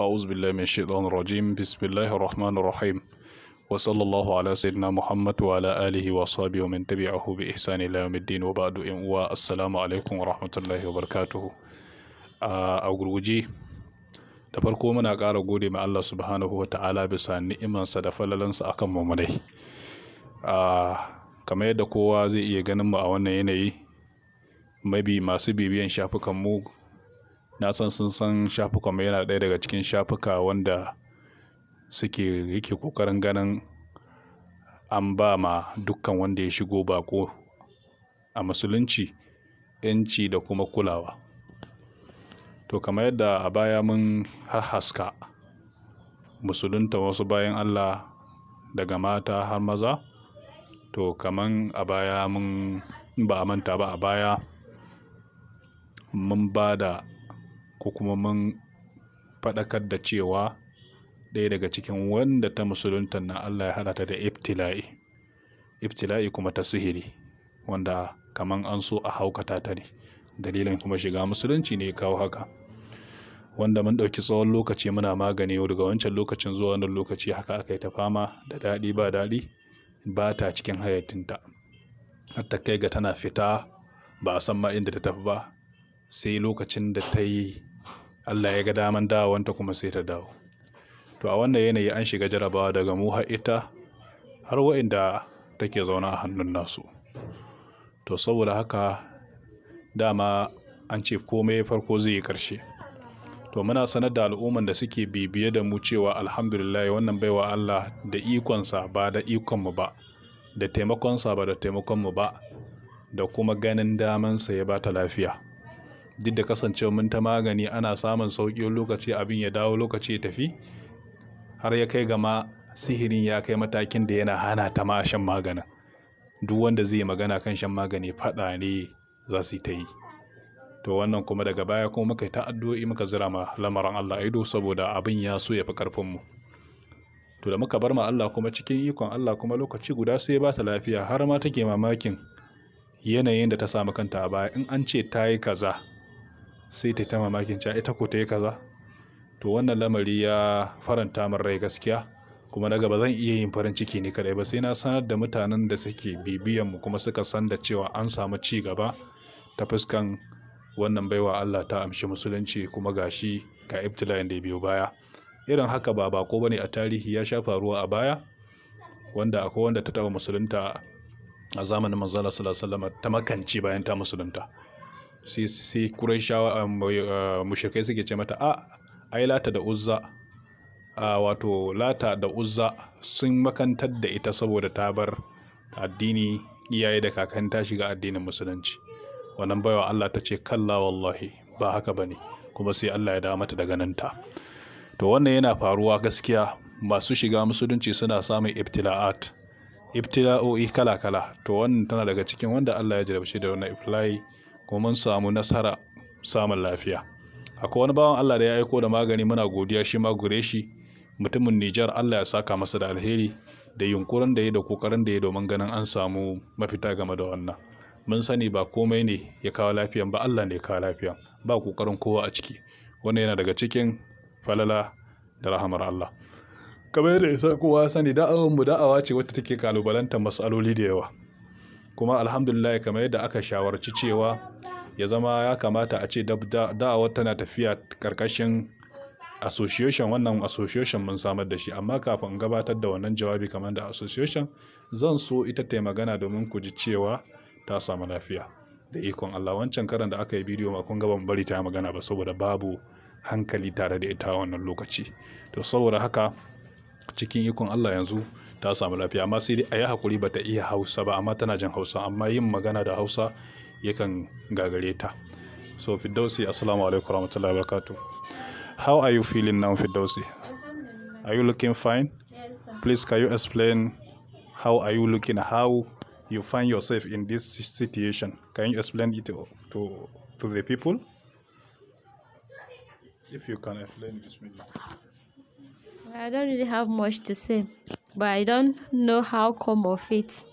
أعوذ بالله من الشيطان الرجيم بسم الله الرحمن الرحيم وصلى الله على سيدنا محمد وعلى آله وصحبه ومن تبعه بإحسان إلى يوم الدين وبعد والسلام عليكم ورحمة الله وبركاته a gurguje da farko muna ƙara gode ma Allah subhanahu wa ta'ala bisa ni'imansa da falalansa akan mummunai ah, kamar yadda kowa zai iya ganin mu a wannan yanayi mabi masu bibiyan shafukan mu na san sun san shafukan mu yana ɗaya daga cikin shafuka wanda suke yake ƙoƙarin ganin an ba ma dukkan wanda ya shigo bako a musulunci 'yanci da kuma kulawa to kamar yadda a baya mun haska musulunta wasu bayan allah daga mata har maza to kaman a baya mun ba manta ba a baya mun ba da ko kuma mun faɗakar da cewa ɗaya daga cikin wanda ta musulunta na Allah ya haɗa ta da iftila'i. Iftila'i kuma ta sihiri wanda kamar an so a haukata ta ne dalilin kuma shiga musulunci ne kawo haka wanda mun ɗauki tsawon lokaci muna magani daga wancan lokacin zuwa wannan lokaci haka aka yi ta fama da daɗi ba daɗi ba ta cikin hayatinta ta kai ga tana fita ba a san ma inda ta tafi ba sai lokacin da ta yi Allah ya ga daman dawanta kuma sai ta dawo to a wannan yanayi an shiga jarabawa daga mu har ita har wa'inda take zaune a hannun nasu to saboda haka dama an ce komai farko zai yi ƙarshe to muna sanar da al'umman da suke bibiye da mu cewa alhamdulillah wannan baiwa Allah da ikonsa ba da ikonmu ba da taimakonsa ba da taimakonmu ba da kuma ganin damansa ya bata lafiya duk da kasancewa mun ta magani ana samun sauƙi lokaci abin ya dawo lokaci ya tafi har ya kai gama sihirin ya kai matakin da yana hana ta ma shan maganin duk wanda zai magana kan shan magani faɗa ne za su ta yi to wannan kuma daga baya kuma muka yi ta addu'o'i muka zira ma lamarin Allah ido saboda abin ya so ya fi karfin mu to da muka bar ma Allah kuma cikin ikon Allah kuma lokaci guda sai ya bata lafiya har ma take mamakin yanayin da ta samu kanta a in an ce ta yi kaza sai ta ta mamakin cewa ita ko ta yi kaza to wannan lamari ya faranta min rai gaskiya kuma na gaba zan iya yin farin ciki ne kadai ba sai na sanar da mutanen da suke bibiyan mu kuma suka san da cewa an samu ci gaba ta fuskan wannan baiwa Allah ta amshi musulunci kuma gashi ga ibtila'in da ya biyo baya irin haka ba bako bane a tarihi ya sha faruwa a baya wanda akwai wanda ta taba musulunta a zamanin manzala sallallahu alaihi wasallam ta makance bayan ta musulunta sai Qurayshawa ah, ah, mushrikai suke ce mata a ah, ai lata da uzza wato lata da uzza sun makantar da ita saboda ta bar addini iyaye da kakan ta shiga addinin musulunci wannan baiwa Allah ta ce kalla wallahi ba haka bane kuma sai Allah ya dawo mata da ganinta to wannan yana faruwa gaskiya masu shiga musulunci suna samun ibtila'at ibtila'o'i kala-kala to wannan tana daga cikin wanda Allah ya jarabce da wannan ibtila'i kuma mun samu nasara samun lafiya akwai wani bawan Allah da ya aiko da magani muna godiya shi ma gure shi mutumin Nijar Allah ya saka masa da alheri da yunkurin da ya da kokarin da ya domin ganin an samu mafita game da wannan mun sani ba komai ne ya kawo lafiyan ba Allah ne ya kawo lafiya ba kokarin kowa a ciki wannan yana daga cikin falala da rahamar Allah kamar yadda ya sa kowa sani da'awar mu da'awa ce wacce take kalubalantar matsaloli da yawa kuma alhamdulillah kamar yadda aka shawarci cewa ya zama ya kamata a ce da'awar tana tafiya karkashin association wannan association mun samar da shi amma kafin gabatar da wannan jawabi kamar da association zan so ita ta magana domin ku ji cewa ta samu lafiya da ikon Allah wancan karan da aka yi bidiyo ma kun gaban bari ta magana ba saboda babu hankali tare da ita wannan lokaci to saboda haka cikin ikon Allah yanzu ta samu lafiya amma sai dai a yi hakuri bata iya hausa ba amma tana jin hausa amma yin magana da hausa yakan gagare ta so fiddausi assalamu alaikum warahmatullahi wabarakatuh how are you feeling now fiddausi are you looking fine please can you explain how are you looking how you find yourself in this situation can you explain it to to, the people if you can explain bismillah I don't really have much to say, but I don't know how come of it.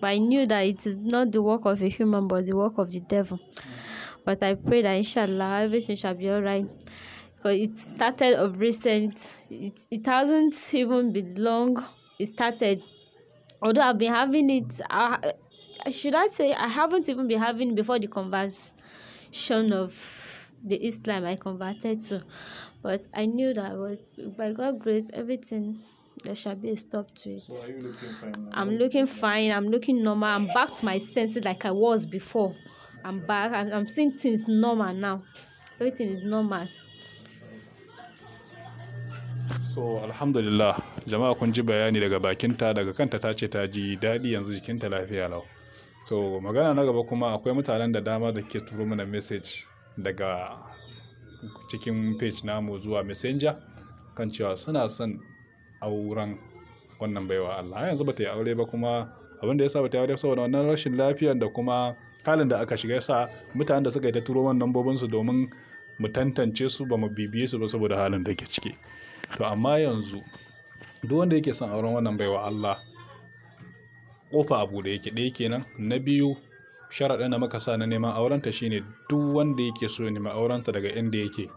But I knew that it is not the work of a human, but the work of the devil. But I pray that inshallah everything shall be alright. Because it started of recent. It it hasn't even been long. It started. Although I've been having it, I, should I say I haven't even been having before the conversation of the Islam I converted to. But I knew that by God's grace, everything there shall be a stop to it. So looking fine, I'm looking fine. I'm looking normal. I'm back to my senses like I was before. I'm back. I'm, I'm seeing things normal now. Everything is normal. so alhamdulillah jama'a kun ji bayani daga bakinta daga kanta ta dadi ta ji daɗi yanzu jikinta lafiya lau to magana na gaba kuma akwai mutanen da dama da ke turo mana message daga cikin page namu zuwa messenger kan cewa suna son auren wannan baiwa Allah yanzu bata yi aure ba kuma abinda yasa bata yi aure saboda wannan rashin lafiyar da kuma halin da aka shiga yasa mutanen da suka yi ta turo wannan su domin mu tantance su ba mu bibiye su ba saboda halin da ke ciki to amma yanzu duk wanda yake son auren wannan baiwa Allah kofa abu da yake ɗaya kenan na biyu sharaɗin da muka sa na neman aurenta shine duk wanda yake so neman aurenta daga inda yake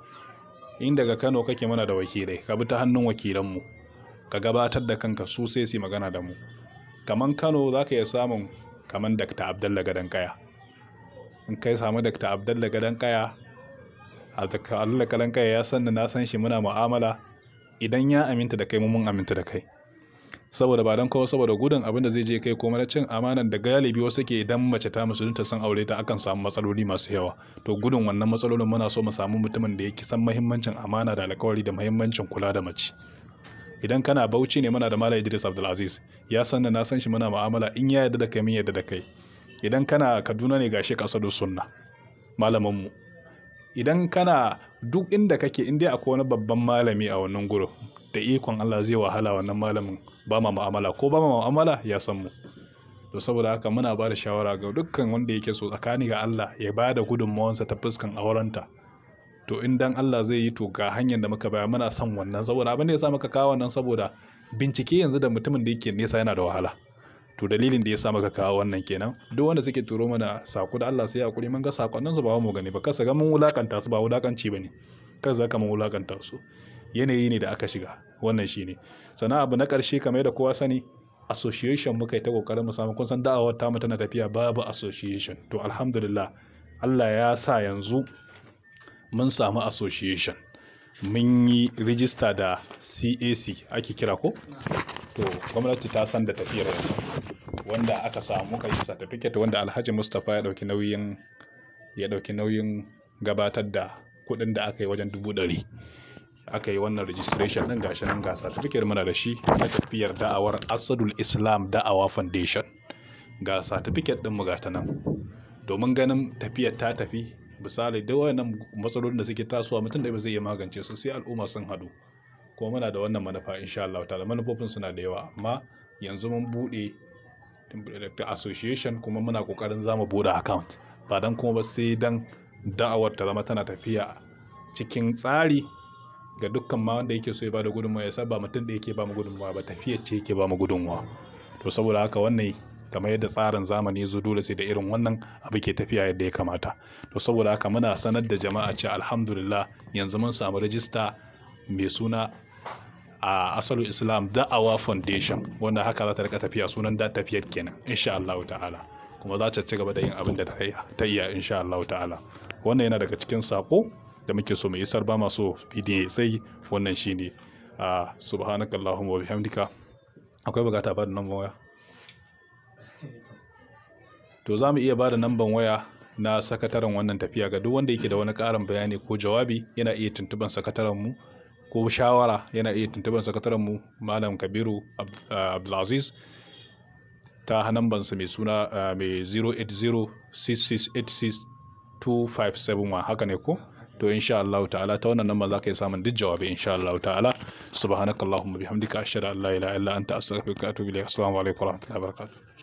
in daga Kano kake mana da wakilai ka bi ta hannun wakilanmu ka gabatar da kanka su sai su magana da mu kaman Kano za ka iya samun kaman Dr. Abdalla gadankaya in kai samu Dr. Abdalla gadankaya Kaya a Dr. Abdalla Kaya ya san na san shi muna mu'amala idan ya aminta da kai mu mun aminta da kai saboda ba don kawo saboda gudun abin da zai je kai kuma na cin amanan da galibi wasu ke idan mace ta ta san aure ta akan samu matsaloli masu yawa to gudun wannan matsalolin muna so mu samu mutumin da yake san mahimmancin amana da alkawari da mahimmancin kula da mace idan kana bauchi ne muna da malam Idris Abdulaziz ya san na san shi muna mu'amala in ya yarda da kai min yarda da kai idan kana Kaduna ne gashi kasadu sunna malamin mu idan kana duk inda kake inda akwai wani babban malami a wannan gurin da ikon Allah zai wahala wannan malamin ba ma mu'amala ko ba ma mu'amala ya san mu to saboda haka muna ba da shawara ga dukkan wanda yake so tsakani ga Allah ya ba da gudunmawansa ta fuskan aurenta to in dan Allah zai yi to ga hanyar da muka baya muna son wannan saboda abin da ya sa muka kawo wannan saboda bincike yanzu da mutumin da yake nesa yana da wahala to dalilin da ya sa muka kawo wannan kenan duk wanda suke turo mana sako da Allah sai hakuri mun ga sakonnin su ba mu gani ba kasa ga mun wulakanta su ba wulakanci bane kar zaka mun wulakanta su yanayi ne da aka shiga wannan shi ne sannan abu na ƙarshe kamar da kowa sani association muka yi ta kokarin mu samu kun san da'awar ta tana tafiya babu association to alhamdulillah Allah ya sa yanzu mun samu association mun yi rijista da CAC ake kira ko to gwamnati ta san da tafiyar wanda aka samu kai yi certificate wanda Alhaji Mustapha ya dauki nauyin nauyin gabatar da kuɗin da aka yi wajen dubu ɗari aka yi wannan registration ɗin gashi nan ga certificate muna da shi na tafiyar da'awar asadul islam da'awa foundation ga certificate mu ga ta nan domin ganin tafiyar ta tafi misali da wayannan matsalolin da suke tasowa mutum da ba zai iya magance su sai al'umma sun haɗu kuma muna da wannan manufa insha Allah ta'ala manufofin suna da yawa amma yanzu mun bude Director association kuma muna kokarin zamu bude account ba dan kuma ba sai dan da'awar ta zama tana tafiya cikin tsari ga dukkan ma wanda yake so ya bada gudunmawa ya saba mutum da yake ba mu gudunmawa ba tafiya ce yake ba mu gudunmawa to saboda haka wannan kamar yadda tsarin zamani zo dole sai da irin wannan abu ke tafiya yadda ya kamata to saboda haka muna sanar da jama'a ce alhamdulillah yanzu mun samu rajista mai suna a asalu islam da'awa foundation wanda haka za ta rika tafiya sunan da tafiyar kenan insha Allah ta'ala kuma za ta ci gaba da yin abin da ta yi insha Allah ta'ala wannan yana daga cikin sako da muke so mu isar ba masu bidiyon ya tsayi wannan ne a Allahun wa bihamdika akwai bukata ba da nan waya to za mu iya ba da namban waya na sakataren wannan tafiya ga duk wanda yake da wani karin bayani ko jawabi yana iya tuntuban sakatarenmu ko shawara yana iya tuntuban sakatarenmu malam kabiru abdulaziz ta nambansa mai suna mai 08066862571 6686 haka ne ko to insha Allah ta'ala ta wannan nan za ka yi samun duk jawabi insha Allah ta'ala subhanakallahumma bihamdika ashhadu an la ilaha illa anta astaghfiruka wa atubu ilayk assalamu alaikum wa rahmatullahi wa barakatuh